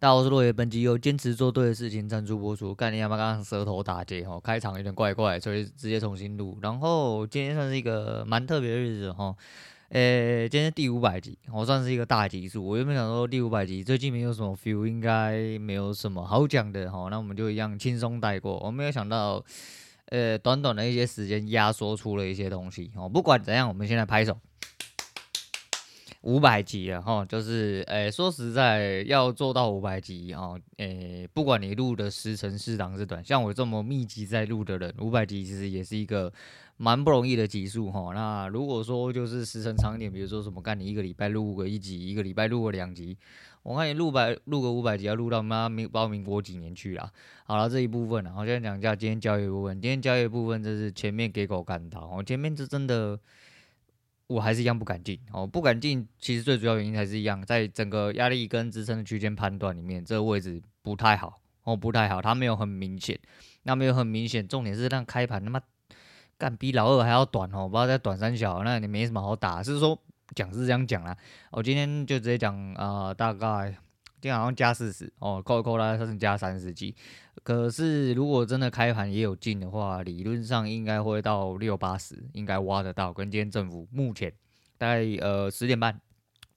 大家好，我是落葉。本集由堅持做對的事情贊助播出。幹你媽！剛剛舌頭打結，哦，開場有點怪怪，所以直接重新錄。然後今天算是一個蠻特別的日子，哈，呃，今天第五百集，我算是一個大集數。我原本想說第五百集最近沒有什麼 feel，應該沒有什麼好講的，哈，那我們就一樣輕鬆帶過。我沒有想到，呃，短短的一些時間壓縮出了一些東西，哦，不管怎樣，我們現在拍手。五百集了哈，就是誒、欸，說實在，要做到五百集啊，誒、欸，不管你錄的時長是長是短，像我這麼密集在錄的人，五百集其實也是一個蠻不容易的集數哈。那如果說就是時辰長一點，比如說什麼干你一個禮拜錄個一集，一個禮拜錄個兩集，我看你錄百錄個五百集，要錄到媽明保民國幾年去啦。好了，這一部分啊，我先講一下今天交易部分。今天交易部分就是前面給狗幹到，哦，前面就真的。我還是一樣不敢進哦，不敢進。其實最主要原因還是一樣，在整個壓力跟支撐的區間判斷裡面，這個位置不太好哦，不太好。它沒有很明顯，那沒有很明顯。重點是讓開盤他媽幹，比老二還要短哦，不要在短三小，那你沒什麼好打。是說講是這樣講啦、啊，我、哦、今天就直接講啊、呃，大概。今天好像加四十哦，扣一扣啦，它是加三十幾。可是如果真的開盤也有進的話，理論上應該會到六八十，應該挖得到。跟今天振幅目前大概呃十點半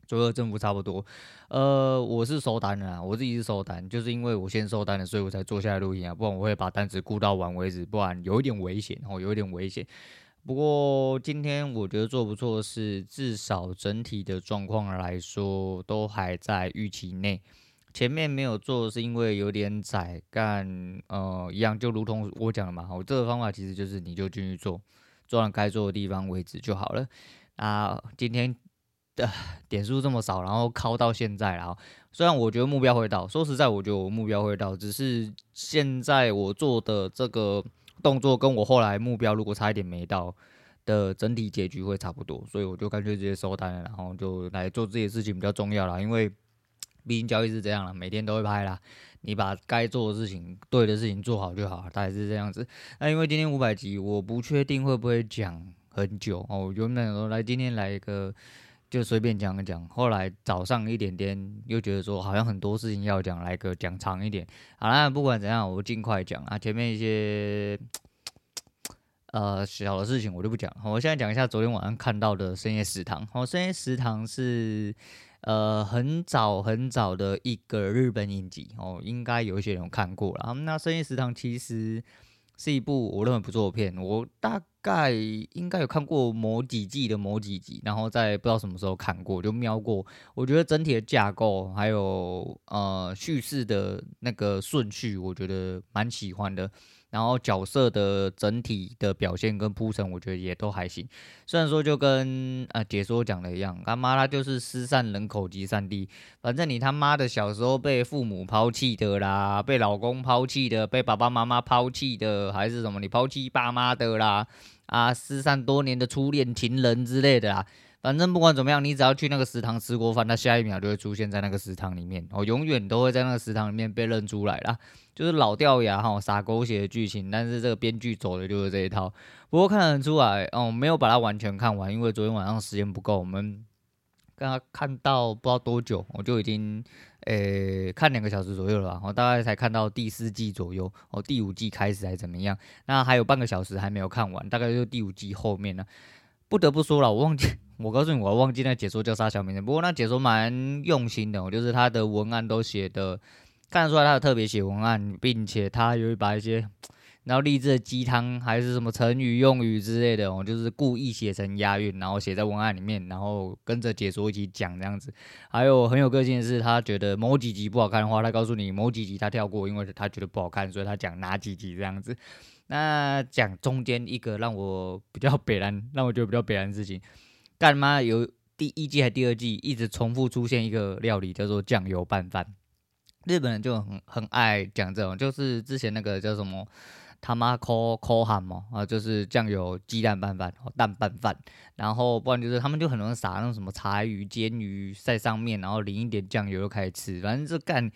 左右振幅差不多。呃，我是收單的啊，我自己是收單，就是因為我先收單的，所以我才坐下來錄音啊，不然我會把單子顧到晚為止，不然有一點危險哦，有一點危險。不過今天我覺得做得不錯，是至少整體的狀況來說都還在預期內。前面沒有做是因為有點窄，但呃一樣，就如同我講的嘛，我這個方法其實就是你就繼續做，做完該做的地方為止就好了。啊，今天的、呃、點數這麼少，然後靠到現在，然後雖然我覺得目標會到，說實在，我覺得我目標會到，只是現在我做的這個。動作跟我後來目標如果差一點沒到的整體結局會差不多，所以我就乾脆直接收單了，然後就來做自己的事情比較重要啦。因為畢竟交易是這樣了，每天都會拍啦，你把該做的事情、對的事情做好就好，大概是這樣子。那因為今天五百集，我不確定會不會講很久哦。原本說來今天來一個？就隨便講一講，後來早上一點點又覺得說好像很多事情要講，來個講長一點。好啦，不管怎樣，我盡快講啊。前面一些呃小的事情我就不講，我現在講一下昨天晚上看到的《深夜食堂》哦，《深夜食堂》是呃很早很早的一個日本影集哦，應該有一些人有看過了啊。那《深夜食堂》其實。是一部我認為不錯的片，我大概應該有看過某幾季的某幾集，然後在不知道什麼時候看過，就瞄過。我覺得整體的架構還有呃敘事的那個順序，我覺得蠻喜歡的。然後角色的整體的表現跟鋪陳，我覺得也都還行。雖然說就跟啊解說講的一樣，他媽他就是失散人口集散地。反正你他媽的小時候被父母拋棄的啦，被老公拋棄的，被爸爸媽媽拋棄的，還是什麼你拋棄爸媽的啦，啊，失散多年的初戀情人之類的啦。反正不管怎麼樣，你只要去那個食堂吃過飯，那下一秒就會出現在那個食堂裡面，哦，永遠都會在那個食堂裡面被認出來啦。就是老掉牙撒傻狗血的劇情，但是這個編劇走的就是這一套。不過看得出來，哦，沒有把它完全看完，因為昨天晚上時間不夠，我們剛剛看到不知道多久，我就已經，呃、欸，看兩個小時左右了吧，我、哦、大概才看到第四季左右，哦，第五季開始還怎麼樣？那還有半個小時還沒有看完，大概就第五季後面呢。不得不說了，我忘記我告訴你，我忘記那解說叫啥小名了。不過那解說蠻用心的喔，就是他的文案都寫的看得出來，他有特別寫文案，並且他有一把一些。然後勵志的雞湯還是什麼成語用語之類的我、哦、就是故意寫成押韻，然後寫在文案裡面，然後跟着解說一起講這樣子。還有很有個性的是，他覺得某幾集不好看的話，他告訴你某幾集他跳過，因為他覺得不好看，所以他講哪幾集這樣子。那講中間一個讓我比較北爛，讓我覺得比較北爛的事情，幹嘛有第一季還第二季一直重複出現一個料理叫做醬油拌飯，日本人就很很愛講這種，就是之前那個叫什麼？他媽摳摳喊嘛，啊，就是醬油雞蛋拌飯，哦，蛋拌飯，然後不然就是他們就很容易撒那種什麼柴魚、煎魚在上面，然後淋一點醬油就開始吃，反正就幹，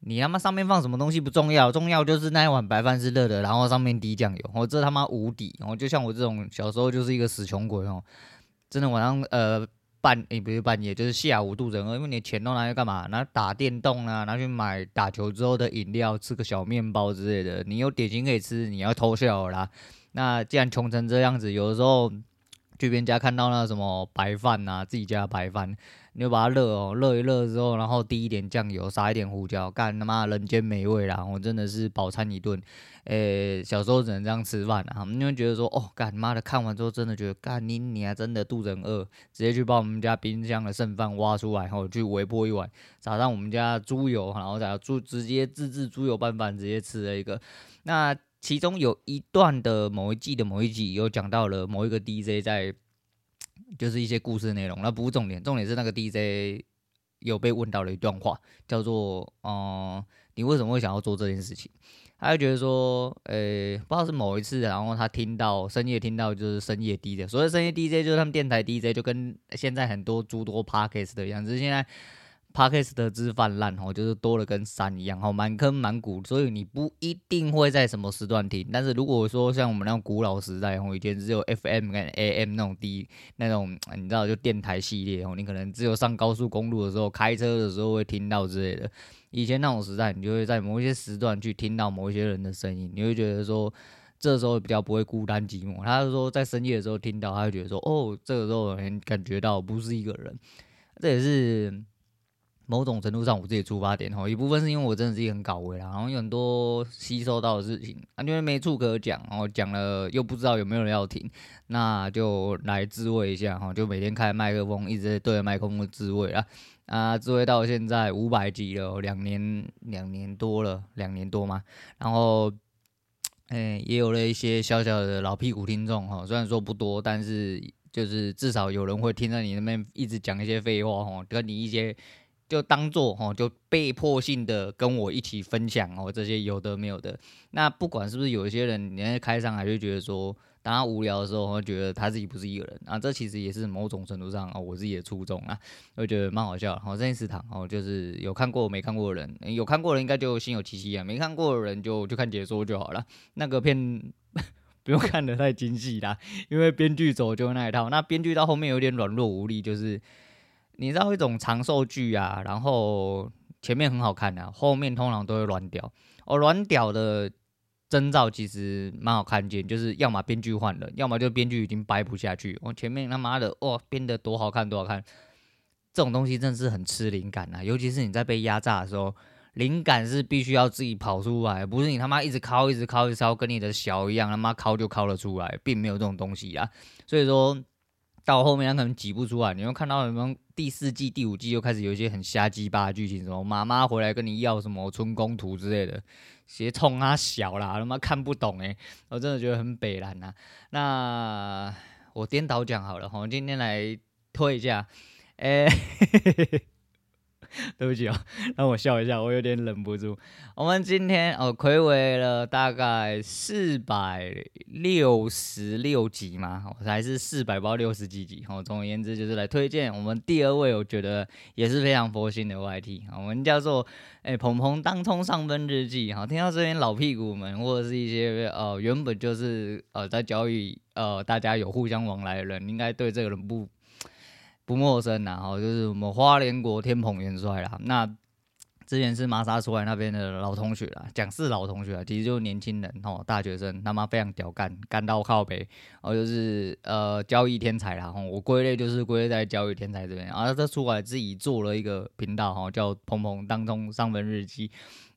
你他媽上面放什麼東西不重要，重要就是那一碗白飯是熱的，然後上面滴醬油，我這他媽無敵，我就像我這種小時候就是一個死窮鬼哦，真的晚上呃。半，也、欸、不是半夜，就是下午肚子餓，因為你的錢都拿去幹嘛？拿打電動啊，拿去買打球之後的飲料，吃個小麵包之類的。你有點心可以吃，你要偷笑了啦。那既然窮成這樣子，有的時候去別人家看到那什麼白飯啊，自己家的白飯。你就把它熱哦，熱一熱之後，然後滴一點醬油，撒一點胡椒，幹他媽人間美味啦！我真的是飽餐一頓。誒、欸，小時候只能這樣吃飯啊？你會覺得說，哦，幹你媽的，看完之後真的覺得，幹你，你還真的肚子很餓，直接去把我們家冰箱的剩飯挖出來，然後去微波一碗，撒上我們家豬油，然後再豬直接自制豬油拌飯，直接吃了一個。那其中有一段的某一季的某一集，有講到了某一個 DJ 在。就是一些故事內容，那不是重點，重點是那個 DJ 有被問到了一段話，叫做“嗯，你為什麼會想要做這件事情？”他就覺得說，呃、欸，不知道是某一次，然後他聽到深夜聽到就是深夜 DJ，所謂深夜 DJ 就是他們電台 DJ，就跟現在很多諸多 Podcast 的一樣子，只是現在，Podcast 之泛濫吼，就是多了跟山一樣吼，滿坑滿谷，所以你不一定會在什麼時段聽。但是如果說像我們那種古老時代吼，以前只有 FM 跟 AM 那種低那種，你知道就電台系列吼，你可能只有上高速公路的時候開車的時候會聽到之類的。以前那種時代，你就會在某一些時段去聽到某一些人的聲音，你會覺得說這時候比較不會孤單寂寞。他就說在深夜的時候聽到，他會覺得說哦，這個時候能感覺到不是一個人。這也是。某種程度上，我自己出發點吼，一部分是因為我真的是很搞味啦，然後有很多吸收到的事情，啊，覺得沒處可講，然後講了又不知道有沒有人要聽，那就來自慰一下哈，就每天開麥克風，一直對着麥克風自慰啦，啊，自慰到現在五百集了，兩年兩年多了，兩年多嘛，然後，哎、欸，也有了一些小小的老屁股聽眾哈，雖然說不多，但是就是至少有人會聽到你那邊一直講一些廢話吼，跟你一些。就當做哈，就被迫性的跟我一起分享哦，這些有的沒有的。那不管是不是有一些人，人家開上來就覺得說，當他無聊的時候，覺得他自己不是一個人。啊，這其實也是某種程度上啊，我自己的初衷啊，我覺得蠻好笑。好，深夜食堂哦，就是有看過沒看過的人、欸，有看過的人應該就心有戚戚啊，沒看過的人就就看解說就好了。那個片不用看得太精細啦，因為編劇走就那一套。那編劇到後面有點軟弱無力，就是。你知道一種長壽劇啊，然後前面很好看啊，後面通常都會亂掉。哦，亂掉的徵兆其實蠻好看見，就是要麼編劇換了，要麼就編劇已經掰不下去。哦，前面他媽的哦編得多好看多好看，這種東西真的是很吃靈感啊，尤其是你在被壓榨的時候，靈感是必須要自己跑出來，不是你他媽一直敲一直敲一直敲，跟你的小一樣他媽敲就敲了出來，並沒有這種東西啊。所以說。到後面他可能擠不出來，你們看到什麼第四季、第五季又開始有一些很瞎雞巴的劇情，什麼媽媽回來跟你要什麼春宮圖之類的，邪崇啊小啦他媽看不懂哎、欸，我真的覺得很北藍啊。那我顛倒講好了哈，我今天來推一下，哎、欸。 對不起啊、哦，讓我笑一下，我有點忍不住。我們今天呃，睽違了大概四百六十六集嘛，還是四百包六十幾集。好、哦，總而言之就是來推薦我們第二位，我覺得也是非常佛心的 YT、哦。我們叫做誒，彭、欸、彭當沖上分日記。好、哦，聽到這邊老屁股們或者是一些呃原本就是呃在交易呃大家有互相往來的人，應該對這個人不。不陌生、啊，然後就是我們花蓮國天蓬元帥啦。那之前是麻薩出來那邊的老同學啦，講是老同學啊，其實就是年輕人吼，大學生他媽非常屌幹，幹到靠北，然後就是呃交易天才啦，我歸類就是歸類在交易天才這邊。然、啊、後他出來自己做了一個頻道哈，叫彭彭當沖上分日記。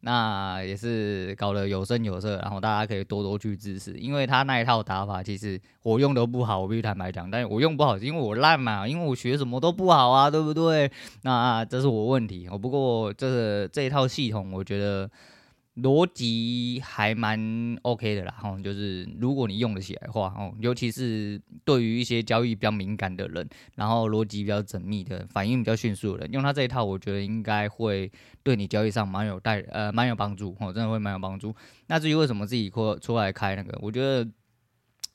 那也是搞得有聲有色，然後大家可以多多去支持，因為他那一套打法其實我用都不好，我必須坦白講，但是我用不好，因為我爛嘛，因為我學什麼都不好啊，對不對？那這是我問題。我不過就是這一套系統，我覺得。邏輯還蠻 OK 的啦，吼、哦，就是如果你用得起來的話，哦，尤其是對於一些交易比較敏感的人，然後邏輯比較縝密的，反應比較迅速的人，用他這一套，我覺得應該會對你交易上蠻有帶，呃，蠻有幫助，哦，真的會蠻有幫助。那至於為什麼自己會出來開那個，我覺得。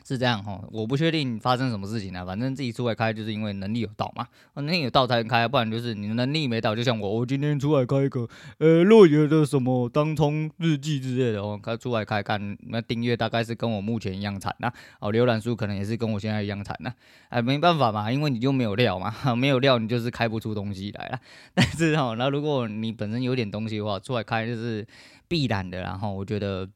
是這樣哈，我不確定發生什麼事情了，反正自己出來開就是因為能力有到嘛，能力有到才能開、啊，不然就是你能力沒到，就像我，我今天出來開一個呃，洛、欸、爺的什麼當沖日記之類的哦，開出來開看那訂閱大概是跟我目前一樣慘吶、啊，哦，瀏覽數可能也是跟我現在一樣慘吶、啊，哎，沒辦法嘛，因為你就沒有料嘛，沒有料你就是開不出東西來了，但是哦，那如果你本身有點東西的話，出來開就是必然的，然後我覺得。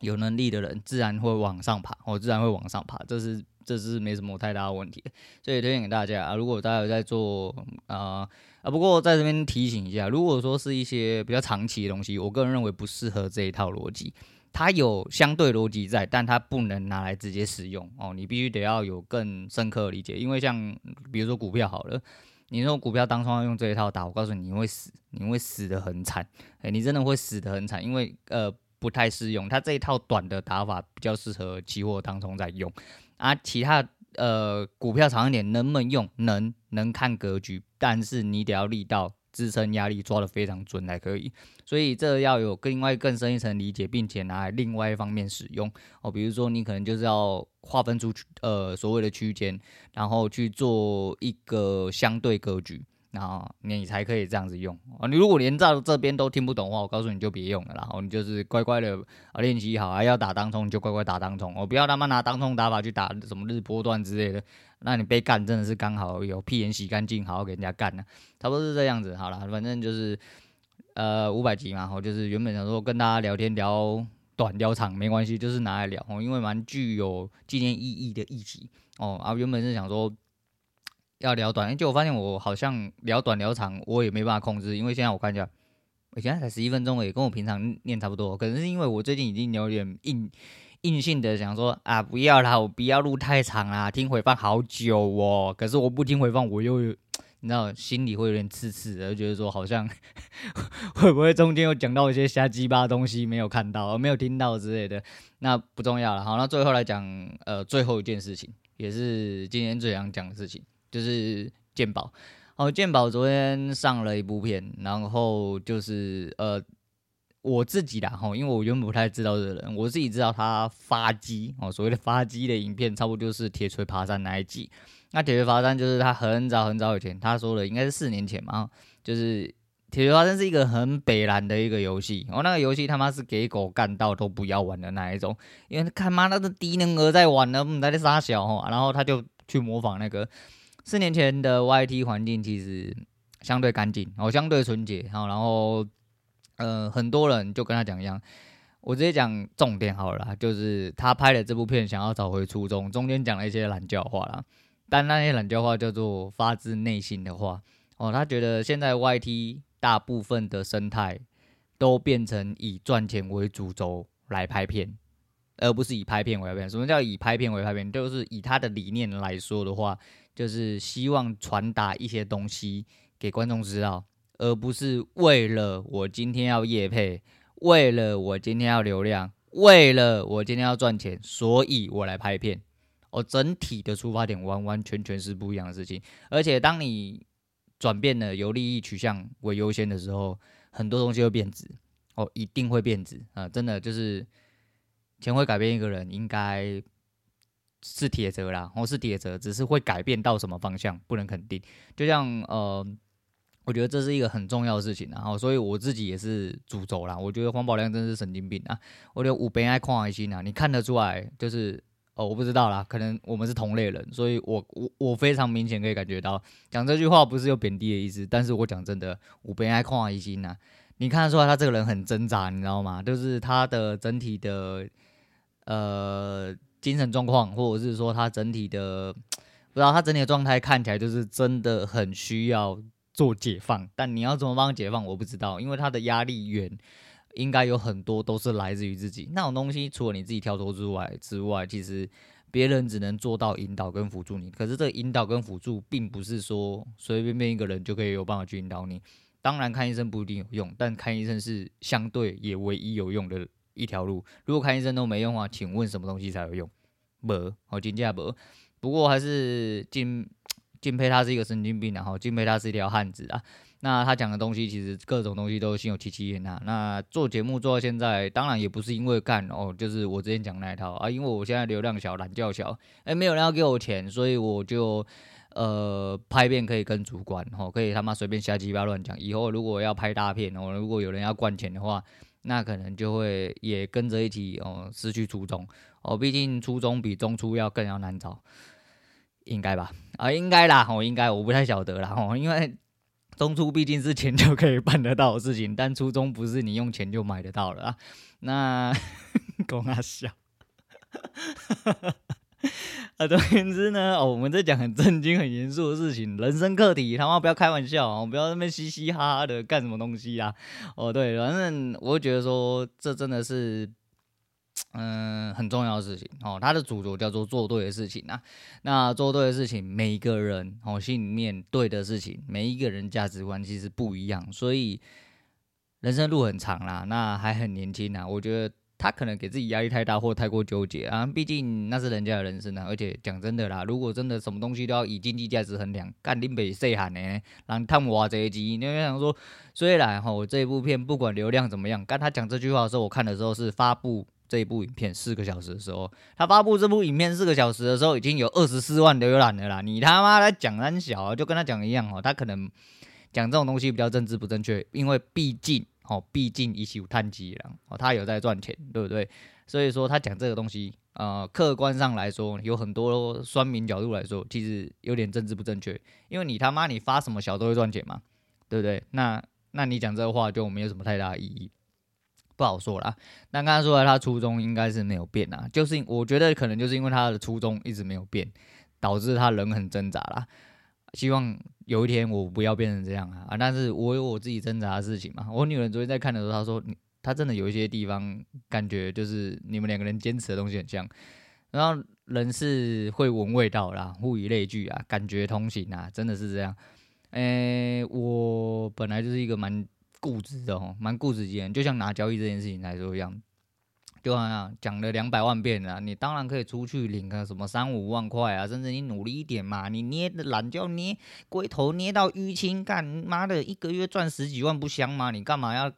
有能力的人自然會往上爬，我、哦、自然會往上爬，這是這是沒什麼太大的問題的，所以推薦給大家啊。如果大家有在做、呃、啊不過在這邊提醒一下，如果說是一些比較長期的東西，我個人認為不適合這一套邏輯，它有相對邏輯在，但它不能拿來直接使用哦。你必須得要有更深刻的理解，因為像比如說股票好了，你用股票當沖要用這一套打，我告訴你你會死，你會死得很慘，哎、欸，你真的會死得很慘，因為呃。不太適用，它這一套短的打法比較適合期貨當中在用，啊，其他呃股票長一點能不能用？能，能看格局，但是你得要力道支撐壓力抓得非常準才可以，所以這要有另外更深一層理解，並且拿來另外一方面使用哦，比如說你可能就是要劃分出去呃所謂的區間，然後去做一個相對格局。然後你才可以這樣子用，你如果連在這邊都聽不懂的話，我告訴你就別用了。然後你就是乖乖的啊，練習好啊，要打當沖就乖乖打當沖，我不要他媽拿當沖打法去打什麼日波段之類的。那你被幹真的是剛好有屁眼洗乾淨，好好給人家幹呢。差不多是這樣子，好了，反正就是呃五百集嘛。然後就是原本想說跟大家聊天聊短聊長沒關係，就是拿來聊哦，因為蠻具有紀念意義的一集哦。啊，原本是想說。要聊短，而且我發現我好像聊短聊長，我也沒辦法控制。因為現在我看一下，我現在才十一分鐘而已，跟我平常念差不多。可能是因為我最近已經有點硬硬性的想說啊，不要啦，我不要錄太長啦，聽回放好久哦。可是我不聽回放，我又你知道，心裡會有點刺刺的，就覺得說好像 會不會中間有講到一些瞎雞巴的東西沒有看到，沒有聽到之類的。那不重要了。好，那最後來講，呃，最後一件事情，也是今天最想講的事情。就是鑑寶，哦，鑑寶昨天上了一部片，然後就是呃，我自己啦，吼，因為我原本不太知道這個人，我自己知道他發跡哦，所謂的發跡的影片，差不多就是鐵錘爬山那一集。那鐵錘爬山就是他很早很早以前他說的，應該是四年前嘛，就是鐵錘爬山是一個很北爛的一個遊戲，然後，哦，那個遊戲他媽是給狗幹到都不要玩的那一種，因為他媽那個低能兒在玩呢，我他在撒小然後他就去模仿那個。四年前的 YT 環境其實相對乾淨，哦、喔，相對純潔、喔，然後、呃，很多人就跟他講一樣，我直接講重點好了，就是他拍的這部片想要找回初衷，中間講了一些懶教話啦，但那些懶教話叫做發自內心的話，哦、喔，他覺得現在 YT 大部分的生態都變成以賺錢為主軸來拍片，而不是以拍片為拍片。什麼叫以拍片為拍片？就是以他的理念來說的話。就是希望傳達一些東西給觀眾知道，而不是為了我今天要業配，為了我今天要流量，為了我今天要賺錢，所以我來拍片。我、哦、整體的出發點完完全全是不一樣的事情。而且當你轉變了由利益取向為優先的時候，很多東西會變質，哦，一定會變質啊！真的就是錢會改變一個人，應該。是鐵則啦，或、哦、是鐵則，只是會改變到什麼方向，不能肯定。就像呃，我覺得這是一個很重要的事情啦，然、哦、後所以我自己也是主軸啦。我覺得黃葆倞真是神經病啊！我覺得五邊愛礦愛心啊，你看得出來就是哦，我不知道啦，可能我們是同類人，所以我我我非常明顯可以感覺到，講這句話不是有貶低的意思，但是我講真的，五邊愛礦愛心啊，你看得出來他這個人很掙扎，你知道嗎？就是他的整體的呃。精神狀況，或者是說他整體的，不知道他整體的狀態看起來就是真的很需要做解放。但你要怎麼幫他解放，我不知道，因為他的壓力源應該有很多都是來自於自己那種東西。除了你自己跳脫之外之外，其實別人只能做到引導跟輔助你。可是這個引導跟輔助，並不是說隨隨便便一個人就可以有辦法去引導你。當然看醫生不一定有用，但看醫生是相對也唯一有用的。一條路，如果看醫生都沒用啊？請問什麼東西才有用？沒，哦，真正沒。不過還是敬敬佩他是一個神經病、啊，然後敬佩他是一條漢子啊。那他講的東西，其實各種東西都心有戚戚焉吶。那做節目做到現在，當然也不是因為幹哦、喔，就是我之前講那一套啊。因為我現在流量小，懶覺小，哎、欸，沒有人要給我錢，所以我就呃拍片可以跟主管吼、喔，可以他媽隨便瞎雞巴亂講。以後如果要拍大片哦、喔，如果有人要灌錢的話。那可能就會也跟着一起哦，失去初中哦。畢竟初中比中初要更要難找，應該吧？啊，應該啦。哦，應該我不太曉得啦。哦，因為中初畢竟是錢就可以辦得到的事情，但初中不是你用錢就買得到了啊。那公阿笑。啊，總而言之呢，哦，我們在講很震驚、很嚴肅的事情，人生課題，他媽不要開玩笑啊、哦，不要在那邊嘻嘻哈哈的幹什麼東西啊！哦，對，反正我覺得說這真的是，嗯、呃，很重要的事情哦。他的主角叫做做對的事情啊，那做對的事情，每一個人哦，心裡面對的事情，每一個人價值觀其實不一樣，所以人生路很長啦，那還很年輕吶，我覺得。他可能給自己壓力太大，或太過糾結啊！畢竟那是人家的人生啊。而且講真的啦，如果真的什麼東西都要以經濟價值衡量，幹定被誰喊呢？讓湯姆這一集你就想說，雖然齁，這一部片不管流量怎麼樣，但他講這句話的時候，我看的時候是發布這一部影片四個小時的時候，他發布這部影片四個小時的時候，已經有二十四萬瀏覽了啦。你他媽來講很小啊，就跟他講一樣哦。他可能講這種東西比較政治不正確，因為畢竟。哦，畢竟一起有碳基了，哦，他有在賺錢，對不對？所以說他講這個東西，呃，客觀上來說，有很多酸民角度來說，其實有點政治不正確，因為你他媽你發什麼小都會賺錢嘛，對不對？那那你講這個話就沒有什麼太大意義，不好說啦，那剛才說的他初衷應該是沒有變啦。就是我覺得可能就是因為他的初衷一直沒有變，導致他人很掙扎啦。希望有一天我不要變成這樣啊！啊，但是我有我自己掙扎的事情嘛。我女人昨天在看的時候，她說：“她真的有一些地方感覺就是你們兩個人堅持的東西很像。”然後人是會聞味道啦，物以類聚啊，感覺通行啊，真的是這樣。誒、欸，我本來就是一個蠻固執的哦，蠻固執的人，就像拿交易這件事情來說一樣。就啊講了兩百萬遍了，啊，你當然可以出去領個什麼三五萬塊啊，甚至你努力一點嘛，你捏的懶就捏龜頭捏到淤青，幹媽的一個月賺十幾萬不香嗎？你幹嘛要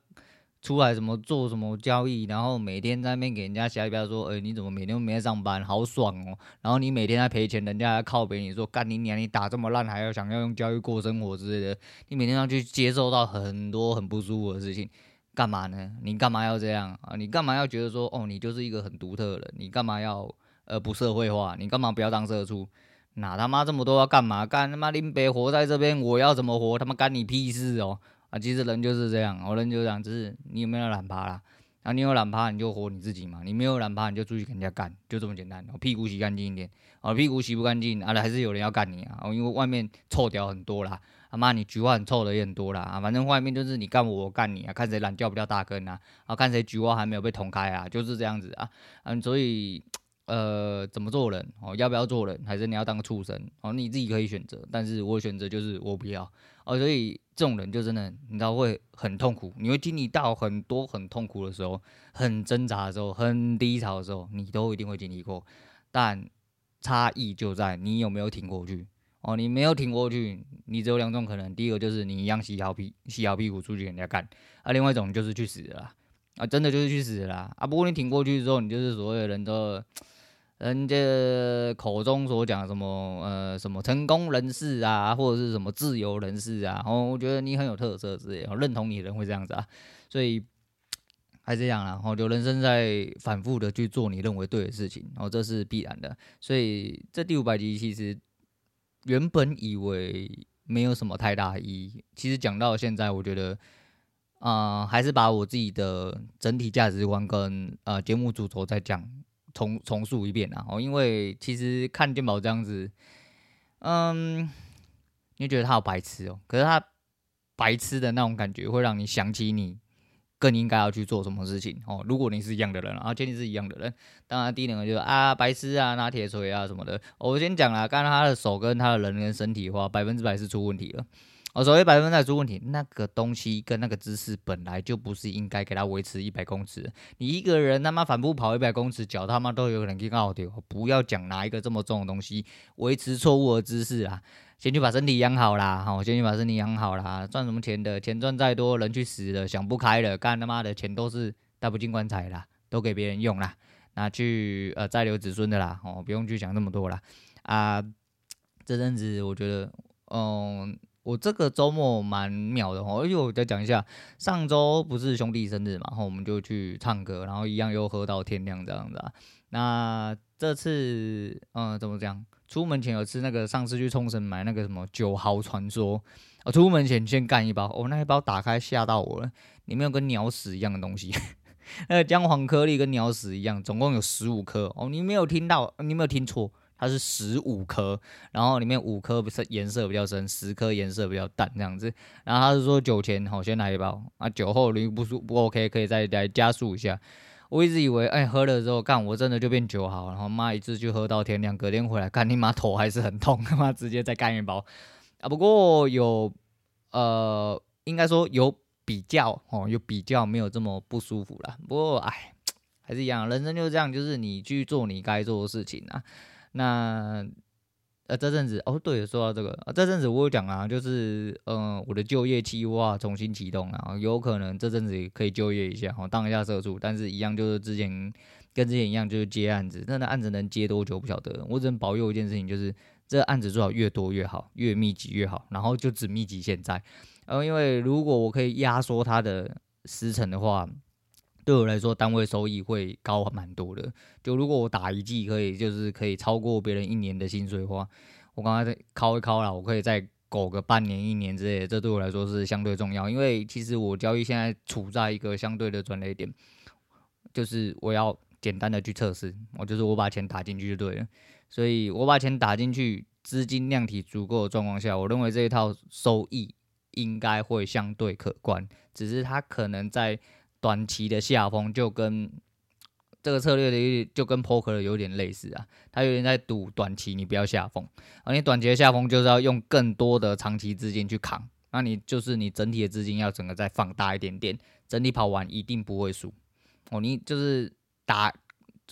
出來什麼做什麼交易，然後每天在那邊給人家瞎逼逼說，哎、欸、你怎麼每天都沒上班，好爽哦，然後你每天在賠錢，人家還靠北你說幹你娘，你打這麼爛還要想要用交易過生活之類的，你每天要去接受到很多很不舒服的事情。幹嘛呢？你幹嘛要這樣啊？你幹嘛要覺得說哦，你就是一個很獨特的人？你幹嘛要呃不社會化？你幹嘛不要當社畜？哪他媽這麼多要幹嘛？幹他媽你別活在這邊，我要怎麼活？他媽幹你屁事哦！啊，其實人就是這樣，哦、人就是這樣，只是你有沒有懶爬啦？啊，你有懶爬你就活你自己嘛，你沒有懶爬你就出去跟人家幹，就這麼簡單。哦、屁股洗乾淨一點，啊、哦，屁股洗不乾淨啊，還是有人要幹你啊？哦，因為外面臭屌很多啦。他、啊、媽，你菊花很臭的也很多啦，啊、反正外面就是你幹我，我幹你啊，看誰懶叫不叫大根啊，啊，啊看誰菊花還沒有被捅開啊，就是這樣子啊，啊，所以，呃，怎麼做人哦、喔，要不要做人？還是你要當個畜生哦？你自己可以選擇，但是我選擇就是我不要哦、喔。所以這種人就真的，你知道會很痛苦，你會經歷到很多很痛苦的時候，很掙扎的時候，很低潮的時候，你都一定會經歷過，但差異就在你有沒有挺過去。哦，你沒有挺過去，你只有兩種可能，第一個就是你一樣洗好屁洗好屁股出去人家幹，啊，另外一種就是去死了，啊，真的就是去死了，啊，不過你挺過去之後，你就是所謂的人都，人家口中所講什麼呃什麼成功人士啊，或者是什麼自由人士啊，哦，我覺得你很有特色之類的，認同你的人會這樣子啊，所以還是這樣啦，然、哦、就人生在反覆的去做你認為對的事情，哦，這是必然的，所以這第五百集其實。原本以為沒有什麼太大的意義，其實講到現在，我覺得，啊、呃，還是把我自己的整體價值觀跟呃節目主軸再講重重述一遍啊。哦，因為其實看電寶這樣子，嗯，你覺得他好白痴哦、喔，可是他白痴的那種感覺會讓你想起你，更應該要去做什麼事情哦？如果你是一樣的人，啊，前提是一樣的人，當然第一點就是啊，白痴啊，拿鐵錘啊什麼的。哦、我先講了，剛才他的手跟他的人跟身體的話，百分之百是出問題了。我所謂百分之百出問題，那個東西跟那個姿勢本來就不是應該給他維持一百公尺。你一個人他媽反覆跑一百公尺，腳他媽都有可能踢奧的，不要講拿一個這麼重的東西維持錯誤的姿勢啊！先去把身體養好啦，好，先去把身體養好啦。賺什麼錢的，錢賺再多，人去死了，想不開了，幹他媽的錢都是帶不進棺材啦，都給別人用啦。拿去呃再留子孫的啦。哦，不用去想那麼多啦。啊、呃，這陣子我覺得，嗯、呃，我這個周末蠻妙的哦。而且我再講一下，上周不是兄弟生日嘛，然後我們就去唱歌，然後一樣又喝到天亮這樣子、啊。那這次，嗯、呃，怎麼講？出門前有吃那個，上次去沖繩買那個什麼酒豪傳說哦，出門前先乾一包。哦，那一包打開嚇到我了，裡面有跟鳥屎一樣的東西，那個薑黃顆粒跟鳥屎一樣，總共有十五顆。哦，你沒有聽到？你沒有聽錯，它是十五顆。然後裡面五顆不是顏色比較深，十顆顏色比較淡這樣子。然後他是說，酒前好喔，先來一包啊，酒後你不不 OK 可以再來加速一下。我一直以為，哎、欸，喝了之後幹，我真的就變酒好了。然後媽一次就喝到天亮，隔天回來幹，你媽頭還是很痛，他媽直接再幹一包。啊，不過有，呃，應該說有比較哦，有比較，沒有這麼不舒服了。不過哎，還是一樣，人生就是這樣，就是你去做你該做的事情啊。那。呃，這陣子哦，對，說到這個啊，這陣子我有講啊，就是嗯、呃，我的就業計劃重新啟動啊，然後有可能這陣子也可以就業一下，然當一下社畜，但是一樣就是之前跟之前一樣，就是接案子，那那案子能接多久不曉得，我只能保佑一件事情，就是這個、案子最好越多越好，越密集越好，然後就只密集現在，後、呃、因為如果我可以壓縮它的時程的話。對我來說，單位收益會高蠻多的。就如果我打一季可以，就是可以超過別人一年的薪水的話，我剛剛在考一考啦，我可以再苟個半年、一年之類的。這對我來說是相對重要，因為其實我交易現在處在一個相對的轉捩點，就是我要簡單的去測試，我就是我把錢打進去就對了。所以我把錢打進去，資金量體足夠的狀況下，我認為這一套收益應該會相對可觀，只是它可能在，短期的下風就跟這個策略的，就跟 poker 有點類似啊，它有點在賭短期你不要下風，而你短期的下風就是要用更多的長期資金去扛，那你就是你整體的資金要整個再放大一點點，整體跑完一定不會輸。哦，你就是打，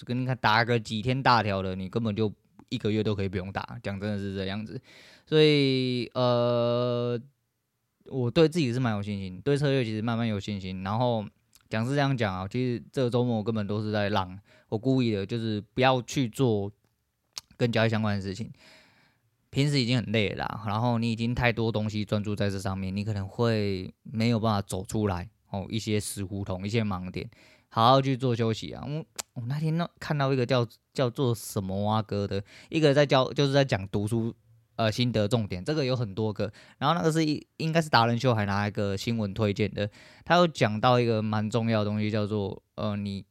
跟你看打個幾天大條的，你根本就一個月都可以不用打，講真的是這樣子。所以呃，我對自己是蠻有信心，對策略其實慢慢有信心，然後。講是這樣講啊，其實這個週末我根本都是在浪，我故意的就是不要去做跟交易相關的事情。平時已經很累了啦，然後你已經太多東西專注在這上面，你可能會沒有辦法走出來哦、喔。一些死胡同，一些盲點，好好去做休息啊。嗯、我那天呢，看到一個叫叫做什麼啊哥的一個在教，就是在講讀書。呃，心得重點這個有很多個，然後那個是應該是達人秀還拿一個新聞推薦的。他有講到一個蠻重要的東西，叫做呃，你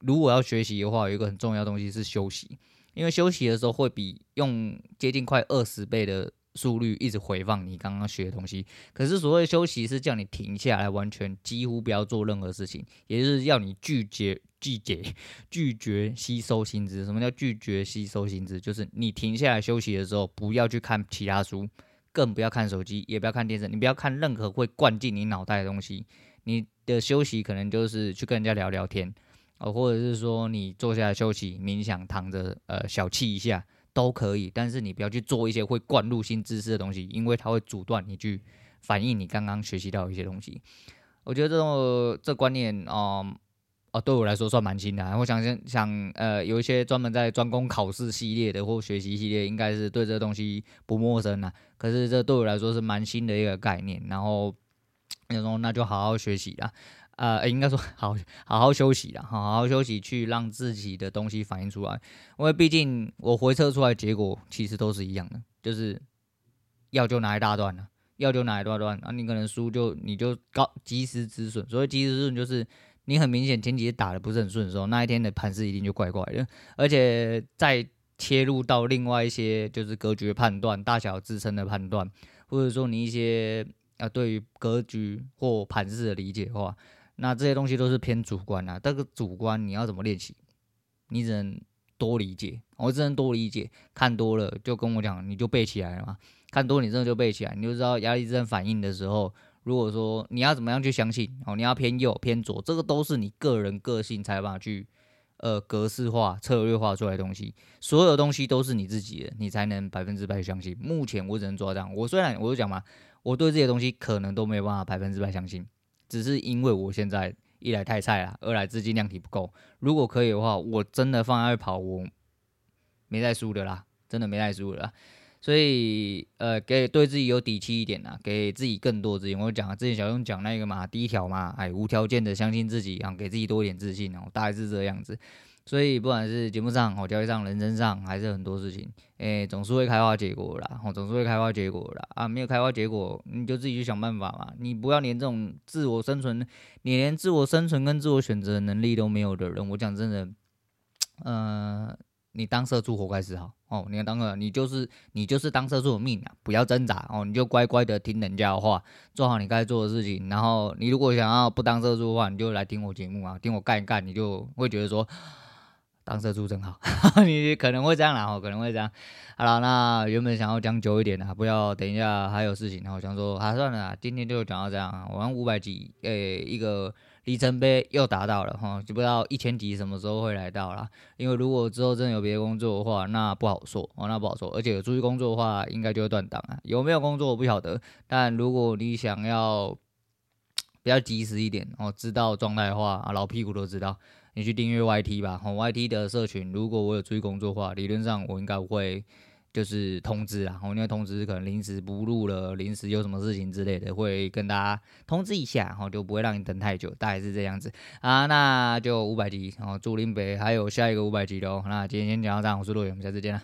如果要學習的話，有一個很重要的東西是休息，因為休息的時候會比用接近快二十倍的速率一直回放你剛剛學的東西，可是所謂休息是叫你停下來，完全幾乎不要做任何事情，也就是要你拒絕拒絕拒絕吸收新知。什麼叫拒絕吸收新知？就是你停下來休息的時候，不要去看其他書，更不要看手機，也不要看電視，你不要看任何會灌進你腦袋的東西。你的休息可能就是去跟人家聊聊天，哦，或者是說你坐下來休息、冥想、躺着，呃，小憩一下。都可以，但是你不要去做一些會灌入新知識的東西，因為它會阻斷你去反映你剛剛學習到一些東西。我覺得這種這，種這種觀念，哦、呃、哦、呃，對我來說算蠻新的、啊。我想想，呃，有一些專門在專攻考試系列的或學習系列，應該是對這東西不陌生的、啊。可是這對我來說是蠻新的一個概念。然後，然後那就好好學習啦。呃，應該說好好好休息了，好，好好休息去讓自己的東西反映出來，因為畢竟我回測出來，結果其實都是一樣的，就是要就拿一大段了，要就拿一大段，那、啊、你可能輸就你就高及時止損，所以及時止損就是你很明顯前幾天打的不是很順的時候，那一天的盤勢一定就怪怪的，而且再切入到另外一些就是格局的判斷、大小支撐的判斷，或者說你一些啊對於格局或盤勢的理解的話。那這些東西都是偏主觀的，這個主觀你要怎麼練習？你只能多理解，我、哦、只能多理解，看多了就跟我講，你就背起來了嘛。看多了你真的就背起來，你就知道壓力症反應的時候，如果說你要怎麼樣去相信哦，你要偏右偏左，這個都是你個人個性才有辦法去呃格式化、策略化出來的東西。所有東西都是你自己的，你才能百分之百相信。目前我只能做到這樣。我雖然我就講嘛，我對這些東西可能都沒有辦法百分之百相信。只是因為我現在一來太菜了，二來資金量體不夠。如果可以的話，我真的放下去跑，我沒再輸的啦，真的沒再輸的啦。所以呃，給對自己有底氣一點啊，給自己更多資金。我講、啊、之前小熊講那個嘛，第一條嘛，哎，無條件的相信自己啊，給自己多一點自信哦、喔，大概是這樣子。所以不管是節目上、哦，交易上、人生上，還是很多事情，哎，總是會開花結果啦，哦，總是會開花結果啦啊！沒有開花結果，你就自己去想辦法嘛。你不要連這種自我生存，你連自我生存跟自我選擇能力都沒有的人，我講真的，呃，你當社畜活該死好哦，你要當個你就是你就是當社畜的命啊，不要掙扎哦，你就乖乖的聽人家的話，做好你該做的事情。然後你如果想要不當社畜的話，你就來聽我節目啊，聽我幹一幹，你就會覺得說。當社畜真好，你可能會這樣啦。哦，可能會這樣。好了，那原本想要講久一點的，啊，不要等一下還有事情，然後想說，啊，還算了，今天就講到這樣。我完五百集，誒，一個里程碑又達到了哈，就不知道一千集什麼時候會來到啦。因為如果之後真的有別的工作的話，那不好說哦，那不好說。而且出去工作的話，應該就會斷檔啊。有沒有工作我不曉得，但如果你想要比較及時一點哦，知道狀態的話啊，老屁股都知道。你去訂閱 YT 吧，然、哦、YT 的社群，如果我有出去工作的話，理論上我應該會就是通知啊，然、哦、因為通知可能臨時不錄了，臨時有什麼事情之類的，會跟大家通知一下，然、哦、後就不會讓你等太久，大概是這樣子啊。那就五百集，然、哦、後祝林北還有下一個五百集嘍。那今天先講到這，樣，我是路遠，我們下次見啦。